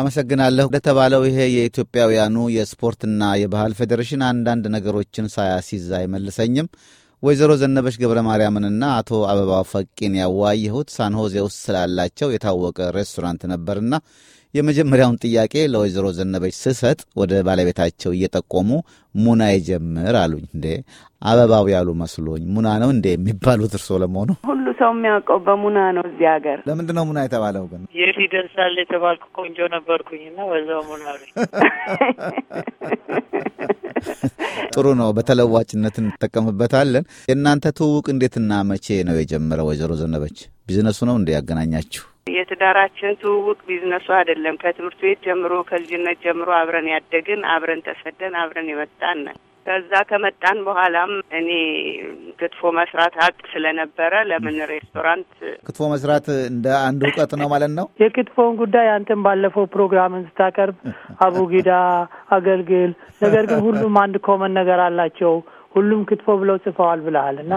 አመሰግናለሁ። ለተባለው ይሄ የኢትዮጵያውያኑ የስፖርትና የባህል ፌዴሬሽን አንዳንድ ነገሮችን ሳያሲዝ አይመልሰኝም። ወይዘሮ ዘነበች ገብረ ማርያምንና አቶ አበባው ፈቂን ያዋየሁት ሳንሆዜ ውስጥ ስላላቸው የታወቀ ሬስቶራንት ነበርና የመጀመሪያውን ጥያቄ ለወይዘሮ ዘነበች ስሰጥ ወደ ባለቤታቸው እየጠቆሙ ሙና ይጀምር አሉኝ። እንዴ አበባው ያሉ መስሎኝ። ሙና ነው እንዴ የሚባሉት እርስዎ? ለመሆኑ ሁሉ ሰው የሚያውቀው በሙና ነው እዚህ ሀገር። ለምንድን ነው ሙና የተባለው ግን? የት የተባልኩ ቆንጆ ነበርኩኝና በዛው ሙና ነኝ። ጥሩ ነው። በተለዋጭነት እንጠቀምበታለን። የእናንተ ትውውቅ እንዴትና መቼ ነው የጀመረው? ወይዘሮ ዘነበች ቢዝነሱ ነው እንደ ያገናኛችሁ? የትዳራችን ትውውቅ ቢዝነሱ አይደለም። ከትምህርት ቤት ጀምሮ ከልጅነት ጀምሮ አብረን ያደግን አብረን ተሰደን አብረን የመጣን ነን። ከዛ ከመጣን በኋላም እኔ ክትፎ መስራት አቅ ስለነበረ ለምን ሬስቶራንት ክትፎ መስራት እንደ አንድ እውቀት ነው ማለት ነው። የክትፎን ጉዳይ አንተም ባለፈው ፕሮግራምን ስታቀርብ አቡጊዳ፣ አገልግል ነገር ግን ሁሉም አንድ ኮመን ነገር አላቸው። ሁሉም ክትፎ ብለው ጽፈዋል ብለሃል እና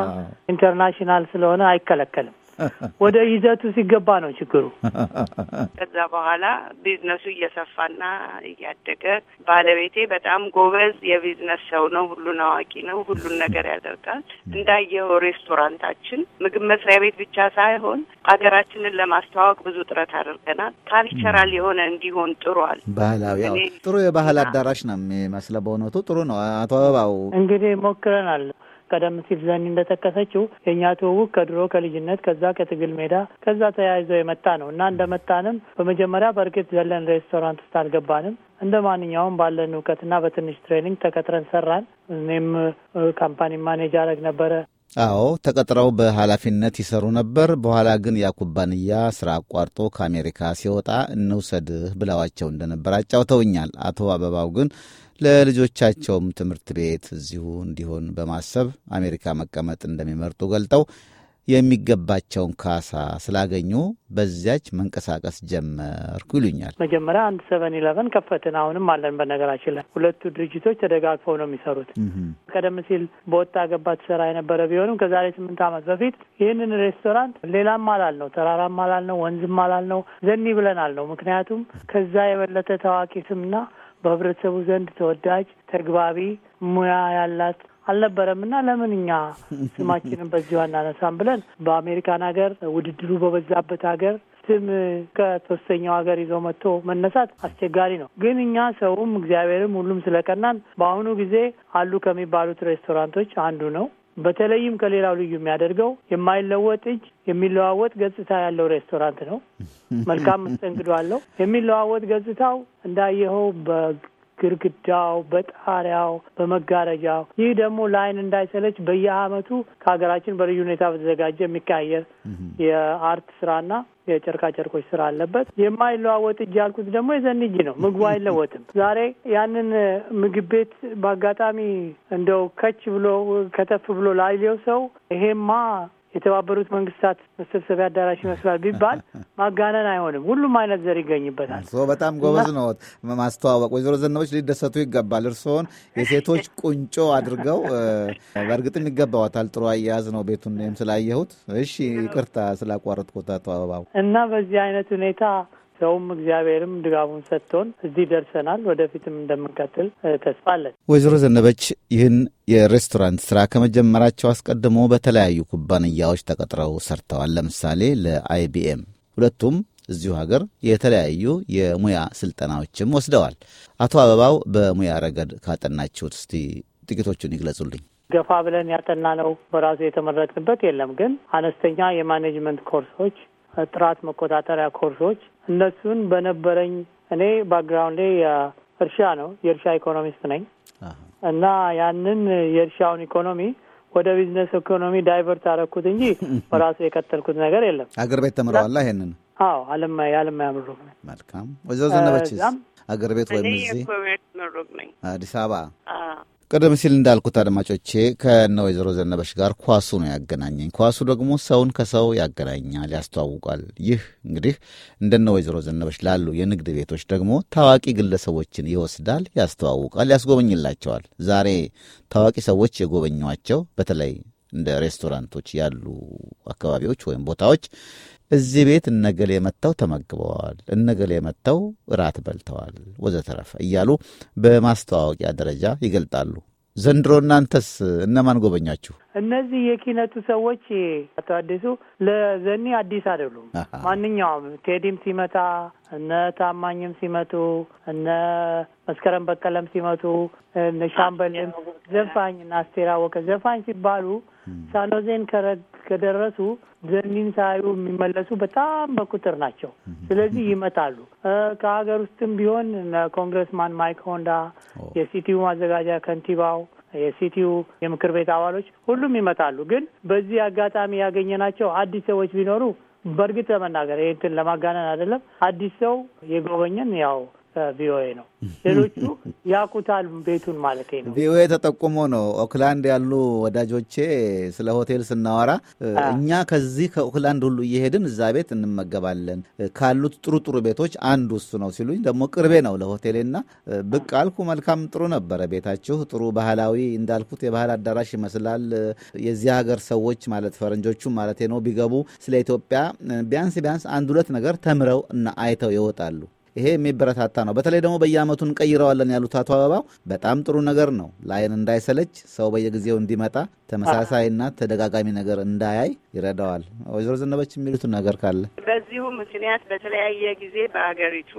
ኢንተርናሽናል ስለሆነ አይከለከልም። ወደ ይዘቱ ሲገባ ነው ችግሩ። ከዛ በኋላ ቢዝነሱ እየሰፋና እያደገ ባለቤቴ በጣም ጎበዝ የቢዝነስ ሰው ነው። ሁሉን አዋቂ ነው። ሁሉን ነገር ያደርጋል። እንዳየው ሬስቶራንታችን ምግብ መስሪያ ቤት ብቻ ሳይሆን ሀገራችንን ለማስተዋወቅ ብዙ ጥረት አድርገናል። ካልቸራል የሆነ እንዲሆን ጥሯል። ባህላዊ ጥሩ የባህል አዳራሽ ነው የሚመስለው። በእውነቱ ጥሩ ነው። አቶ አበባው እንግዲህ ሞክረናል። ቀደም ሲል ዘኒ እንደጠቀሰችው የእኛ ትውውቅ ከድሮ ከልጅነት ከዛ ከትግል ሜዳ ከዛ ተያይዞ የመጣ ነው እና እንደመጣንም በመጀመሪያ በእርግጥ ዘለን ሬስቶራንት ውስጥ አልገባንም። እንደ ማንኛውም ባለን እውቀትና በትንሽ ትሬኒንግ ተቀጥረን ሰራን። እኔም ካምፓኒ ማኔጅ አረግ ነበረ። አዎ ተቀጥረው በኃላፊነት ይሰሩ ነበር። በኋላ ግን ያ ኩባንያ ስራ አቋርጦ ከአሜሪካ ሲወጣ እንውሰድህ ብለዋቸው እንደነበር አጫውተውኛል። አቶ አበባው ግን ለልጆቻቸውም ትምህርት ቤት እዚሁ እንዲሆን በማሰብ አሜሪካ መቀመጥ እንደሚመርጡ ገልጠው የሚገባቸውን ካሳ ስላገኙ በዚያች መንቀሳቀስ ጀመርኩ ይሉኛል። መጀመሪያ አንድ ሰቨን ኢለቨን ከፈትን፣ አሁንም አለን። በነገራችን ላይ ሁለቱ ድርጅቶች ተደጋግፈው ነው የሚሰሩት። ቀደም ሲል በወጣ ገባ ትሰራ የነበረ ቢሆንም ከዛሬ ስምንት ዓመት በፊት ይህንን ሬስቶራንት ሌላም አላል ነው፣ ተራራም አላል ነው፣ ወንዝም አላል ነው፣ ዘኒ ብለናል ነው። ምክንያቱም ከዛ የበለጠ ታዋቂ ስምና በህብረተሰቡ ዘንድ ተወዳጅ ተግባቢ ሙያ ያላት አልነበረም እና ለምን እኛ ስማችንን በዚሁ አናነሳም ብለን በአሜሪካን ሀገር ውድድሩ በበዛበት ሀገር ስም ከሶስተኛው ሀገር ይዞ መጥቶ መነሳት አስቸጋሪ ነው። ግን እኛ ሰውም እግዚአብሔርም ሁሉም ስለቀናን በአሁኑ ጊዜ አሉ ከሚባሉት ሬስቶራንቶች አንዱ ነው። በተለይም ከሌላው ልዩ የሚያደርገው የማይለወጥ እጅ የሚለዋወጥ ገጽታ ያለው ሬስቶራንት ነው። መልካም መስተንግዶ አለው። የሚለዋወጥ ገጽታው እንዳየኸው ግድግዳው፣ በጣሪያው፣ በመጋረጃው ይህ ደግሞ ለአይን እንዳይሰለች በየአመቱ ከሀገራችን በልዩ ሁኔታ በተዘጋጀ የሚቀያየር የአርት ስራና የጨርቃ ጨርቆች ስራ አለበት። የማይለዋወጥ እጅ ያልኩት ደግሞ የዘን እጅ ነው። ምግቡ አይለወጥም። ዛሬ ያንን ምግብ ቤት በአጋጣሚ እንደው ከች ብሎ ከተፍ ብሎ ላይሌው ሰው ይሄማ የተባበሩት መንግስታት መሰብሰቢያ አዳራሽ ይመስላል ቢባል ማጋነን አይሆንም። ሁሉም አይነት ዘር ይገኝበታል። በጣም ጎበዝ ነው ማስተዋወቅ። ወይዘሮ ዘነቦች ሊደሰቱ ይገባል። እርስዎን የሴቶች ቁንጮ አድርገው በእርግጥም ይገባዋታል። ጥሩ አያያዝ ነው። ቤቱን ስላየሁት። እሺ፣ ይቅርታ ስላቋረጥኩት አቶ አበባው እና በዚህ አይነት ሁኔታ ሰውም እግዚአብሔርም ድጋፉን ሰጥቶን እዚህ ደርሰናል። ወደፊትም እንደምንቀጥል ተስፋ አለን። ወይዘሮ ዘነበች ይህን የሬስቶራንት ስራ ከመጀመራቸው አስቀድሞ በተለያዩ ኩባንያዎች ተቀጥረው ሰርተዋል። ለምሳሌ ለአይቢኤም ሁለቱም እዚሁ ሀገር የተለያዩ የሙያ ስልጠናዎችም ወስደዋል። አቶ አበባው በሙያ ረገድ ካጠናችሁት እስቲ ጥቂቶቹን ይግለጹልኝ። ገፋ ብለን ያጠና ነው በራሱ የተመረቅንበት የለም፣ ግን አነስተኛ የማኔጅመንት ኮርሶች፣ ጥራት መቆጣጠሪያ ኮርሶች እነሱን በነበረኝ እኔ ባክግራውንዴ እርሻ ነው፣ የእርሻ ኢኮኖሚስት ነኝ እና ያንን የእርሻውን ኢኮኖሚ ወደ ቢዝነስ ኢኮኖሚ ዳይቨርት አደረኩት እንጂ በራሱ የቀጠልኩት ነገር የለም። አገር ቤት ተምረዋላ? ይሄንን አዎ፣ አለም የአለም ያምሩ መልካም ወይዘሮ ዘነበችስ አገር ቤት ወይም እዚህ አዲስ አበባ ቀደም ሲል እንዳልኩት አድማጮቼ ከነ ወይዘሮ ዘነበሽ ጋር ኳሱ ነው ያገናኘኝ። ኳሱ ደግሞ ሰውን ከሰው ያገናኛል፣ ያስተዋውቃል። ይህ እንግዲህ እንደነ ወይዘሮ ዘነበሽ ላሉ የንግድ ቤቶች ደግሞ ታዋቂ ግለሰቦችን ይወስዳል፣ ያስተዋውቃል፣ ያስጎበኝላቸዋል። ዛሬ ታዋቂ ሰዎች የጎበኟቸው በተለይ እንደ ሬስቶራንቶች ያሉ አካባቢዎች ወይም ቦታዎች እዚህ ቤት እነገሌ መጥተው ተመግበዋል፣ እነገሌ መጥተው እራት በልተዋል፣ ወዘተረፈ እያሉ በማስተዋወቂያ ደረጃ ይገልጣሉ። ዘንድሮ እናንተስ እነማን ጎበኛችሁ? እነዚህ የኪነቱ ሰዎች አቶ አዲሱ ለዘኒ አዲስ አይደሉም። ማንኛውም ቴዲም ሲመታ፣ እነ ታማኝም ሲመቱ፣ እነ መስከረም በቀለም ሲመቱ፣ እነ ሻምበልም ዘፋኝ እና አስቴር አወቀ ዘፋኝ ሲባሉ ሳኖዜን ከደረሱ ዘኒን ሳዩ የሚመለሱ በጣም በቁጥር ናቸው። ስለዚህ ይመታሉ። ከሀገር ውስጥም ቢሆን ኮንግረስማን ማይክ ሆንዳ፣ የሲቲዩ ማዘጋጃ ከንቲባው፣ የሲቲዩ የምክር ቤት አባሎች ሁሉም ይመጣሉ። ግን በዚህ አጋጣሚ ያገኘናቸው አዲስ ሰዎች ቢኖሩ በእርግጥ ለመናገር ይህንትን ለማጋነን አይደለም። አዲስ ሰው የጎበኘን ያው ቪኦኤ ነው። ሌሎቹ ያውቁታል ቤቱን ማለት ነው። ቪኦኤ ተጠቁሞ ነው። ኦክላንድ ያሉ ወዳጆቼ ስለ ሆቴል ስናወራ እኛ ከዚህ ከኦክላንድ ሁሉ እየሄድን እዛ ቤት እንመገባለን ካሉት ጥሩ ጥሩ ቤቶች አንዱ እሱ ነው ሲሉኝ ደግሞ ቅርቤ ነው ለሆቴሌና ብቅ አልኩ። መልካም ጥሩ ነበረ ቤታችሁ። ጥሩ ባህላዊ እንዳልኩት የባህል አዳራሽ ይመስላል። የዚህ ሀገር ሰዎች ማለት ፈረንጆቹ ማለት ነው ቢገቡ ስለ ኢትዮጵያ ቢያንስ ቢያንስ አንድ ሁለት ነገር ተምረው እና አይተው ይወጣሉ። ይሄ የሚበረታታ ነው። በተለይ ደግሞ በየዓመቱ እንቀይረዋለን ያሉት አቶ አበባው በጣም ጥሩ ነገር ነው። ለአይን እንዳይሰለች ሰው በየጊዜው እንዲመጣ ተመሳሳይና ተደጋጋሚ ነገር እንዳያይ ይረዳዋል። ወይዘሮ ዘነበች የሚሉትን ነገር ካለ በዚሁ ምክንያት በተለያየ ጊዜ በአገሪቱ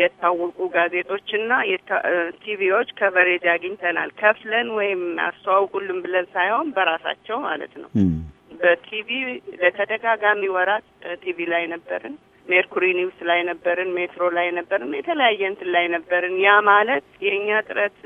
የታወቁ ጋዜጦችና ቲቪዎች ከቨሬጅ አግኝተናል። ከፍለን ወይም አስተዋውቁልን ብለን ሳይሆን በራሳቸው ማለት ነው። በቲቪ ለተደጋጋሚ ወራት ቲቪ ላይ ነበርን። ሜርኩሪ ኒውስ ላይ ነበርን፣ ሜትሮ ላይ ነበርን፣ የተለያየ እንትን ላይ ነበርን። ያ ማለት የእኛ ጥረት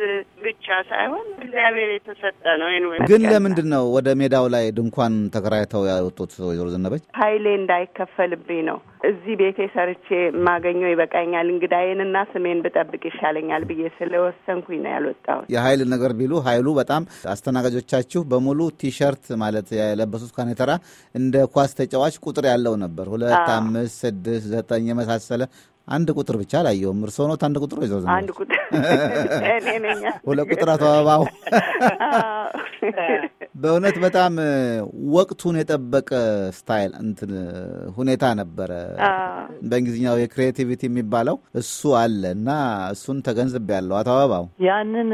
ብቻ ሳይሆን እግዚአብሔር የተሰጠ ነው። ግን ለምንድን ነው ወደ ሜዳው ላይ ድንኳን ተከራይተው ያወጡት? ወይዘሮ ዘነበች ሀይሌ እንዳይከፈልብኝ ነው እዚህ ቤቴ ሰርቼ ማገኘው ይበቃኛል፣ እንግዳዬንና ስሜን ብጠብቅ ይሻለኛል ብዬ ስለወሰንኩኝ ነው ያልወጣሁት። የሀይል ነገር ቢሉ ሀይሉ በጣም አስተናጋጆቻችሁ በሙሉ ቲሸርት ማለት የለበሱት ካኔተራ እንደ ኳስ ተጫዋች ቁጥር ያለው ነበር። ሁለት፣ አምስት፣ ስድስት፣ ዘጠኝ የመሳሰለ አንድ ቁጥር ብቻ አላየሁም። እርስዎ ኖት አንድ ቁጥር ይዘው አንድ ቁጥር ሁለት ቁጥር አቶ አበባው በእውነት በጣም ወቅቱን የጠበቀ ስታይል እንትን ሁኔታ ነበረ። በእንግሊዝኛው የክሬቲቪቲ የሚባለው እሱ አለ እና እሱን ተገንዝብ ያለው አቶ አበባው ያንን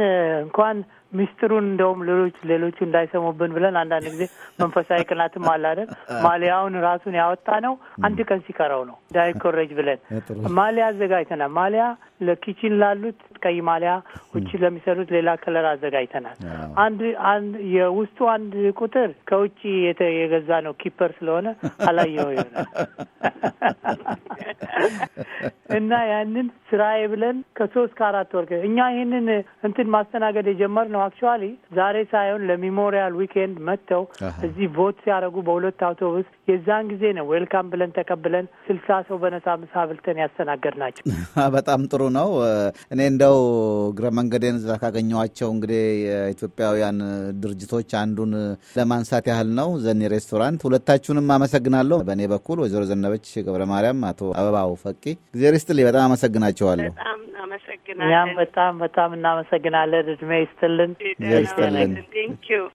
እንኳን ሚስጥሩን እንደውም ሌሎች ሌሎቹ እንዳይሰሙብን ብለን አንዳንድ ጊዜ መንፈሳዊ ቅናትም አላለን ማሊያውን ራሱን ያወጣ ነው። አንድ ቀን ሲቀረው ነው እንዳይኮረጅ ብለን ማሊያ አዘጋጅተናል። ማሊያ ለኪችን ላሉት ቀይ ማሊያ ውጭ ለሚሰሩት ሌላ ከለር አዘጋጅተናል። አንድ የውስጡ አንድ ቁጥር ከውጭ የገዛ ነው ኪፐር ስለሆነ አላየው ይሆናል እና ያንን ስራዬ ብለን ከሶስት ከአራት ወር እኛ ይህንን እንትን ማስተናገድ የጀመርነው አክቹዋሊ ዛሬ ሳይሆን ለሚሞሪያል ዊኬንድ መጥተው እዚህ ቮት ሲያደርጉ በሁለት አውቶቡስ የዛን ጊዜ ነው ዌልካም ብለን ተቀብለን ስልሳ ሰው በነሳ ምሳ ብልተን ያስተናገድ ናቸው። በጣም ጥሩ ነው። እኔ እንደው እግረ መንገዴን እዛ ካገኘኋቸው እንግዲህ የኢትዮጵያውያን ድርጅቶች አንዱን ለማንሳት ያህል ነው። ዘኒ ሬስቶራንት ሁለታችሁንም አመሰግናለሁ። በእኔ በኩል ወይዘሮ ዘነበች ገብረ ማርያም፣ አቶ አበባው ፈቂ ጊዜ ስትልኝ በጣም አመሰግናቸዋለሁ። እኛም በጣም በጣም እናመሰግናለን። እድሜ ይስጥልን።